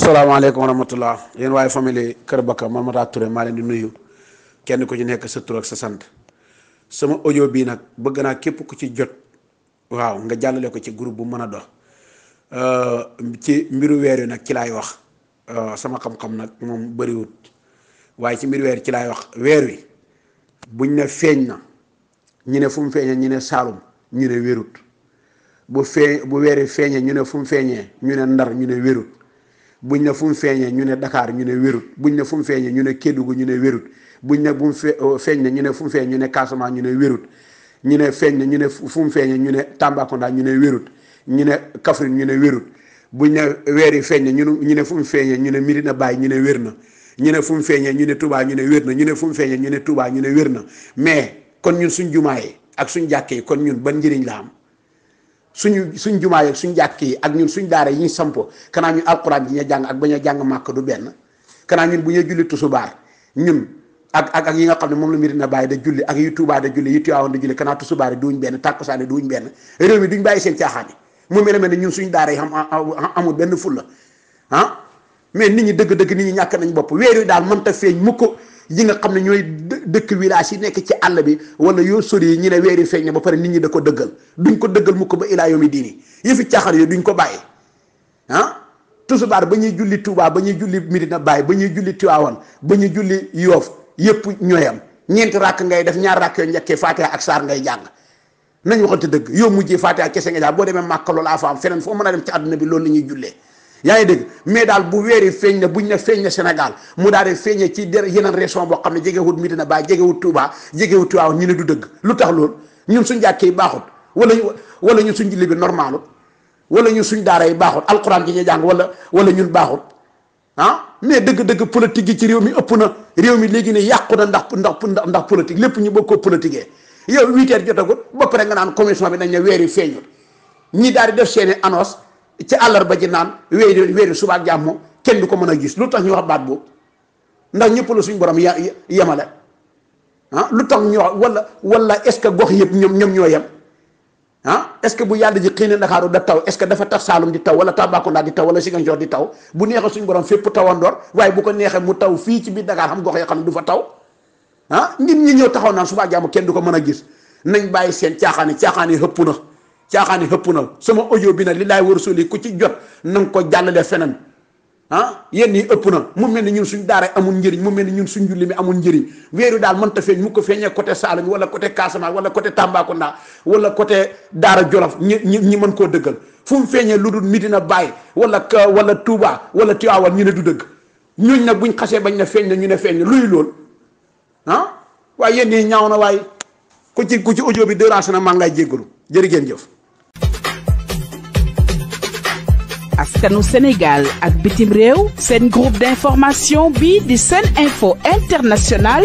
asalaamaaleykum wa rahmatullah yéen waaye famille Kër bakka man Matar Touré maa leen di nuyu kenn ku ci nekk sa tur ak sa sant sama audio bii nag bëgg naa képp ku ci jot waaw nga jàllale ko ci groupe bu mën a dox euh, ci mbiru weer wi nag ci laay wax euh, sama xam-xam nag moom bëriwut waaye ci mbiru weer ci laay wax weer wi buñ ne feeñ na ñu ne fu mu feeñee ñu ne Saalum ñu ne wérut bu feeñ bu weer feeñee ñu ne fu mu feeñee ñu ne Ndar ñu ne wérut buñ ne fu mu feeñee ñu ne Dakar ñu ne wérut buñ ne fu mu feeñee ñu ne Kédougou ñu ne wérut buñ ne bu mu fe feeñ ñu ne fu mu ñu ne Casamance ñu ne wérut ñu ne feeñ ne ñu ne fu mu feeñee ñu ne Tambacounda ñu ne wérut ñu ne Kaffrine ñu ne wérut buñ ne weer yi feeñ ne ñu ñu ne fu mu feeñee ñu ne Medina Baye ñu ne wér na ñu ne fu mu feeñee ñu ne Touba ñu ne wér na ñu ne fu mu feeñee ñu ne Touba ñu ne wér na mais kon ñun suñ jumaa yi ak suñ jàkkee kon ñun ban njëriñ la am suñu suñ jumaa yeeg suñ jàkk yi ak ñun suñ daara yi ñu sampo kanaa ñun alquran ji ñu jàng ak ba ñu jàng màkk du benn kanaa ñun bu ñuy julli tusubaar ñun ak ak ak yi nga xam ne moom la mbiri na bàyyi da julli ak yu Tuubaa da julli yu Tiwaawan da julli kanaa benn tàkkusaan yi benn réew mi duñ bàyyi seen caaxaan yi mu mel ne ñun suñ daara yi xam benn fulla ah mais nit ñi dëgg-dëgg nit ñi ñàkk nañ bopp weer daal mën ta feeñ mukk yi nga xam ne ñooy dëkk village yi nekk ci àll bi wala yoo sori yi ñu ne weeri feeñ na ba pare nit ñi da ko dëggal duñ ko dëggal mu ko ba ilaa yomi diini yëfi caaxaan yooyu duñ ko bàyyi ah tusubaar ba ñuy julli Touba ba ñuy julli Medina bàyyi ba ñuy julli Tiwaawan ba ñuy julli Yoof yëpp ñooyam ñeenti rakk ngay def ñaar rakk yoo njëkkee Fatiha ak saar ngay jàng nañ waxante dëgg yow mujjee Fatiha kese nga jàng boo demee Màkka loolu foo a dem ci àdduna bi loolu la ñuy jullee yaa ngi dégg mais daal bu weer yi feeñ na buñ ne feeñ na Sénégal mu daal di feeñee ci der yeneen région boo xam ne jegewut Medina Baye jegewut Touba jegewut Tivaouane ñu ne du dëgg lu tax lool ñun suñ jàkkee yi baaxut wala wala ñun suñ julli bi normalut wala ñun suñ daara yi baaxut alxuraan ji ñuy jàng wala wala ñun baaxut ah mais dëgg-dëgg politique yi ci réew mi ëpp na réew mi léegi ne yàqu na ndax ndax ndax politique lépp ñu bëgg koo politiquer yow huit heures jotagut ba pare nga naan commission bi nañ ne weer yi feeñul ñi daal di def seeni annonce ci àllarba ji naan wéeru wéeru suba ak jàmm kenn du ko mën a gis lu tax ñu wax baat boobu ndax ñëpp la suñ borom yemale ah lu tax ñu wax wala wala est ce que gox yëpp ñoom ñoom ñoo yem ah est ce que bu yàlla ji xëy Ndakaaru da taw est ce que dafa tax Saalum di taw wala Tambacounda di taw wala Ziguinchor di taw bu neexee suñ borom fépp tawandoor waaye bu ko neexee mu taw fii ci biir Dakar xam gox yoo xam ne du fa taw ah nit ñi ñëw taxaw naan suba ak jàmm kenn du ko mën a gis nañ bàyyi seen caaxaan yi yi hëpp na. caaxaani xëpp na sama audio bi nag li laay war a soli ku ci jot na nga ko jàllale feneen ah yenn yi ëpp na mu mel ni ñun suñ daara amul njëriñ mu mel ni ñun suñ julli mi amul njëriñ weeru daal mënta feeñ mu ko feeñee côté Saalum wala côté Casamance wala côté Tambacounda wala côté daara Jolof ñi ñi ñi mën koo dëggal fu mu feeñee lu dul Medina Baye wala wala tuubaa wala Tivaouane ñu ne du dëgg ñooñ nag buñ xasee bañ ne feeñ na ñu ne feeñ luy lool ah waaye yenn yi ñaaw na waaye ku ci ci audio bi déranger na maa ngi lay jëf nu Sénégal ak bitim réew seen groupe d'information bi di seen info international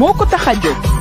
moo ko tax a jóg